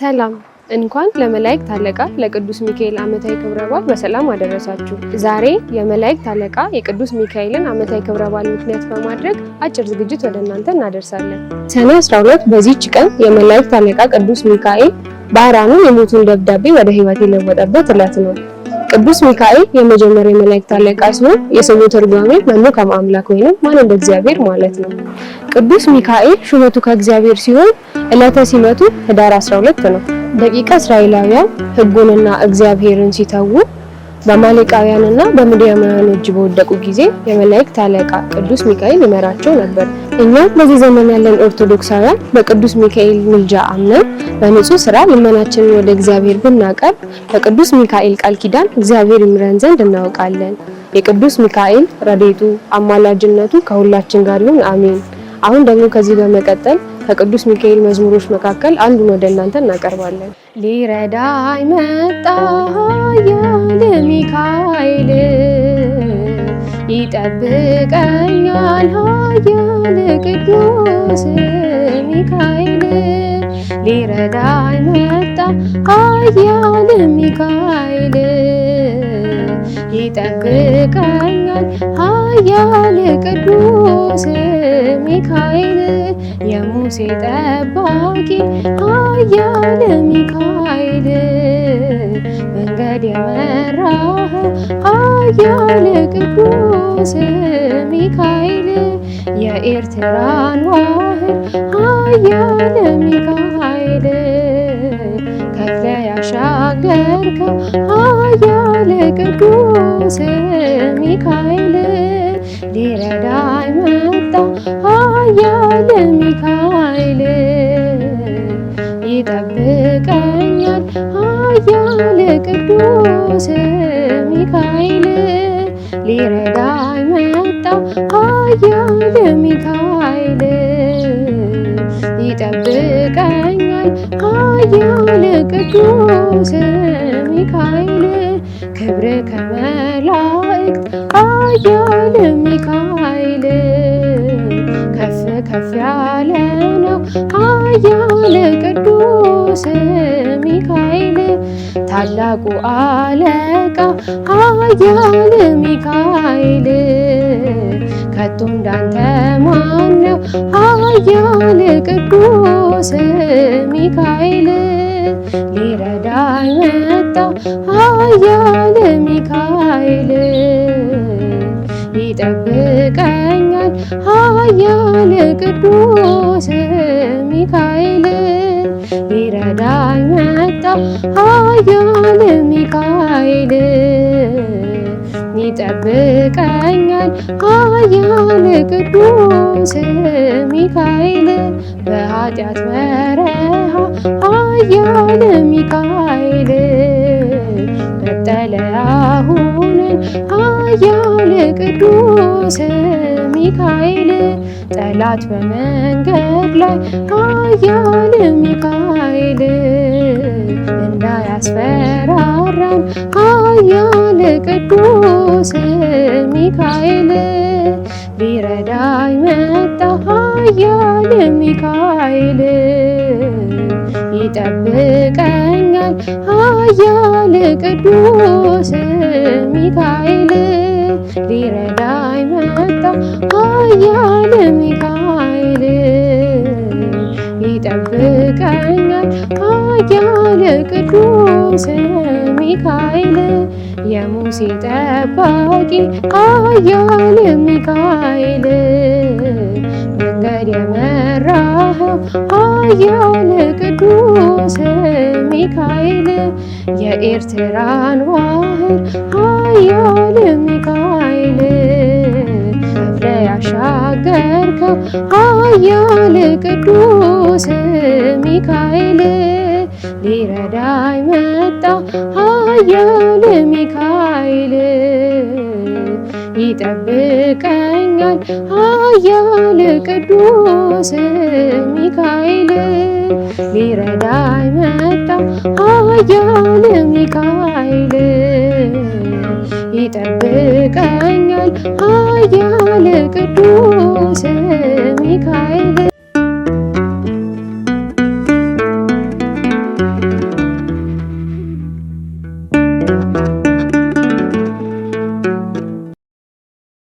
ሰላም እንኳን ለመላእክት አለቃ ለቅዱስ ሚካኤል ዓመታዊ ክብረ በዓል በሰላም አደረሳችሁ። ዛሬ የመላእክት አለቃ የቅዱስ ሚካኤልን ዓመታዊ ክብረ በዓል ምክንያት በማድረግ አጭር ዝግጅት ወደ እናንተ እናደርሳለን። ሰኔ 12 በዚህች ቀን የመላእክት አለቃ ቅዱስ ሚካኤል ባህራኑ የሞቱን ደብዳቤ ወደ ሕይወት የለወጠበት ዕለት ነው። ቅዱስ ሚካኤል የመጀመሪያ የመላእክት አለቃ ሲሆን የስሙ ትርጓሜ መኑ ከመ አምላክ ወይንም ማን እንደ እግዚአብሔር ማለት ነው። ቅዱስ ሚካኤል ሹመቱ ከእግዚአብሔር ሲሆን ዕለተ ሲመቱ ህዳር 12 ነው። ደቂቀ እስራኤላውያን ሕጉንና እግዚአብሔርን ሲተዉ በአማሌቃውያንና በምድያማውያን እጅ በወደቁ ጊዜ የመላእክት አለቃ ቅዱስ ሚካኤል ይመራቸው ነበር። እኛም በዚህ ዘመን ያለን ኦርቶዶክሳውያን በቅዱስ ሚካኤል ምልጃ አምነን በንጹህ ስራ ልመናችንን ወደ እግዚአብሔር ብናቀርብ በቅዱስ ሚካኤል ቃል ኪዳን እግዚአብሔር ይምረን ዘንድ እናውቃለን። የቅዱስ ሚካኤል ረዴቱ አማላጅነቱ ከሁላችን ጋር ይሁን፣ አሜን። አሁን ደግሞ ከዚህ በመቀጠል ከቅዱስ ሚካኤል መዝሙሮች መካከል አንዱን ወደ እናንተ እናቀርባለን። ሊረዳይ መጣ ኃያል ሚካኤል ይጠብቀኛል ኃያል ቅዱስ ሚካኤል ሊረዳይ መጣ ኃያል ሚካኤል ይጠብቀኛል ኃያል ቅዱስ ሚካኤል የሙሴ ጠባቂ ኃያል ሚካኤል መንገድ የመራህ ኃያል ቅዱስ ሚካኤል የኤርትራን ባህር ኃያል ሚካኤል ከፍለ ያሻገርከው ኃያል ቅዱስ ሚካኤል ሊረዳኝ መጣ ኃያል ሚካኤል ይጠብቀኛል ኃያል ቅዱስ ሚካኤል ሊረዳኝ መጣ ኃያል ሚካኤል ይጠብቀኛል ኃያል ቅዱስ ሚካኤል ክብር ከመላእክት ኃያል ሚካኤል ከፍ ከፍ ያለ ነው ኃያል ቅዱስ ሚካኤል ታላቁ አለቃ ኃያል ሚካኤል ከቶ እንዳንተ ማነው ኃያል ቅዱስ ሚካኤል ሊረዳኝ መጣ ኃያል ሚካኤል ይጠብቀኛል ኃያል ቅዱስ ሚካኤል ሊረዳኝ መጣ ኃያል ሚካኤል ይጠብቀኛል ኃያል ቅዱስ ሚካኤል በኃጢአት በረሃ ኃያል ሚካኤል መጠለያ ሁነኝ ኃያል ቅዱስ ሚካኤል ጠላት በመንገድ ላይ ኃያል ሚካኤል እንዳያስፈራራን ኃያል ቅዱስ ሚካኤል ሊረዳይ መጣ ኃያል ሚካኤል ይጠብቀ ይገኛል ኃያል ቅዱስ ሚካኤል ሊረዳይ መጣ ኃያል ሚካኤል ይጠብቀኛል ኃያል ቅዱስ ሚካኤል የሙሴ ጠባቂ ኃያል ሚካኤል መንገድ የመ ረዳኸው አየውን ቅዱስ ሚካኤል የኤርትራን ባህር አየውን ሚካኤል ብለ ያሻገርከው አየውን ቅዱስ ሚካኤል ሊረዳይ መጣ ሚካኤል ይጠብቀኛል ኃያል ቅዱስ ሚካኤል ሊረዳይ መጣ ኃያል ሚካኤል ይጠብቀኛል ኃያል ቅዱስ ሚካኤል